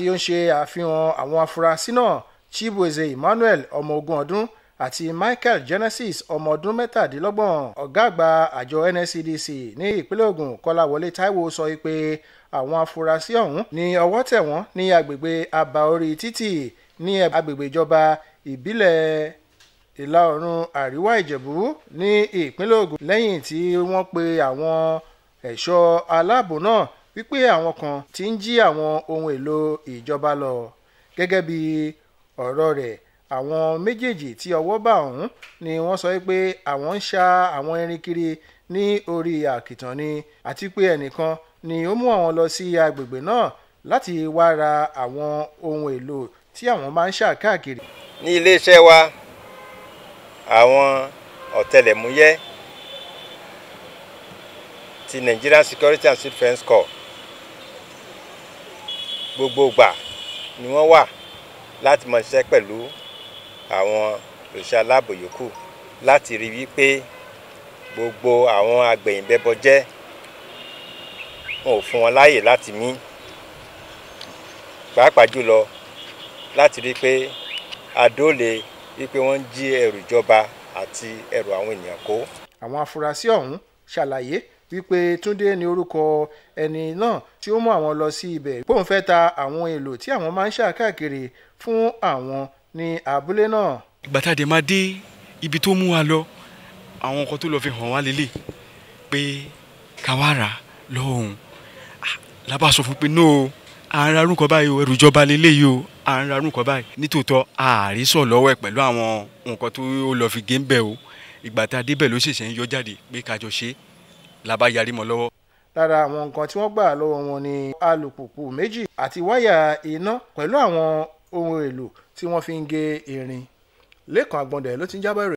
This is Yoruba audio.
tí ó ń ṣe àfihàn àwọn afurasí náà chibueze emmanuel ọmọ ogún ọdún àti michael genesis ọmọ ọdún mẹ́tàdínlọ́gbọ̀n ọ̀gá àgbà àjọ nscdc ní ìpínlẹ̀ ògùn kọ́láwọlé táíwò sọ pé àwọn afurasí ọ̀hún ni ọwọ́ tẹ̀ wọ́n ní agbègbè àbáorí títì ní agbègbè ìjọba ìbílẹ̀ ìlà oòrùn àríwá ìjẹ̀bú ní ìpínlẹ̀ ògùn lẹ́yìn tí wọ́n pe àwọn ẹ̀ṣọ́ aláàbò náà wípé àwọn kan ti ń jí àwọn ohun èlò ìjọba lọ gẹ́gẹ́ bí ọ̀rọ̀ rẹ̀ àwọn méjèèjì tí ọwọ́ bá ọ̀hún ni wọ́n sọ pé àwọn ń ṣa àwọn erin kiri ní orí àkìtàn ni àti pé ẹnìkan ni ó mú àwọn lọ sí agbègbè náà láti wá ra àwọn ohun èlò tí àwọn máa ń ṣà káàkiri. ní iléeṣẹ́ wa àwọn ọ̀tẹlẹ̀múyẹ́ ti Nigerian Security and Civil Defence Corps gbogbo ìgbà ni wọ́n wà láti mọ ṣiṣẹ́ pẹ̀lú àwọn òṣìṣẹ́ aláàbò yòókù láti rí wípé gbogbo àwọn agbẹ̀yìnbẹ́bọjẹ́ wọn ò fún wọn láàyè láti mí pàápàá jùlọ láti rí pé adóòlè wípé wọ́n ń jí ẹrù ìjọba àti ẹrù àwọn ènìyàn kó. àwọn afurasí ọ̀hún ṣàlàyé wípé Túndé ni orúkọ ẹni náà tí ó mú àwọn lọ sí ibẹ̀ póun fẹ́ ta àwọn èlò tí àwọn máa ń ṣà káàkiri fún àwọn ní abúlé náà. ìgbà tá a dé máa dé ibi tó mú wa lọ àwọn nǹkan tó lọ fi hàn wá lélẹ̀ pé káwá rà lọ́hùn ah, fún pé no à ń ra arúgbó báyìí o ẹrù ìjọba lélẹ́yìí o à ń ra arúgbó báyìí nítòótọ́ àárísọ̀ lọ́wọ́ ẹ̀ pẹ̀lú àwọn nǹkan tó lọ fi gé ń bẹ̀ o ìgbà tá ló ṣẹ̀ṣẹ̀ ń yọ jáde pé kájọ ṣe é la bá yarí mọ́ lọ́wọ́. lára àwọn nǹkan tí wọ́n gbà lọ́wọ́ wọn ni alùpùpù méjì àti wáyà iná pẹ̀lú àwọn ohun èlò tí wọ́n fi ń gé irin lẹ́kàn àgbọ̀ndẹ̀ ló ti ń jábọ̀ rẹ̀.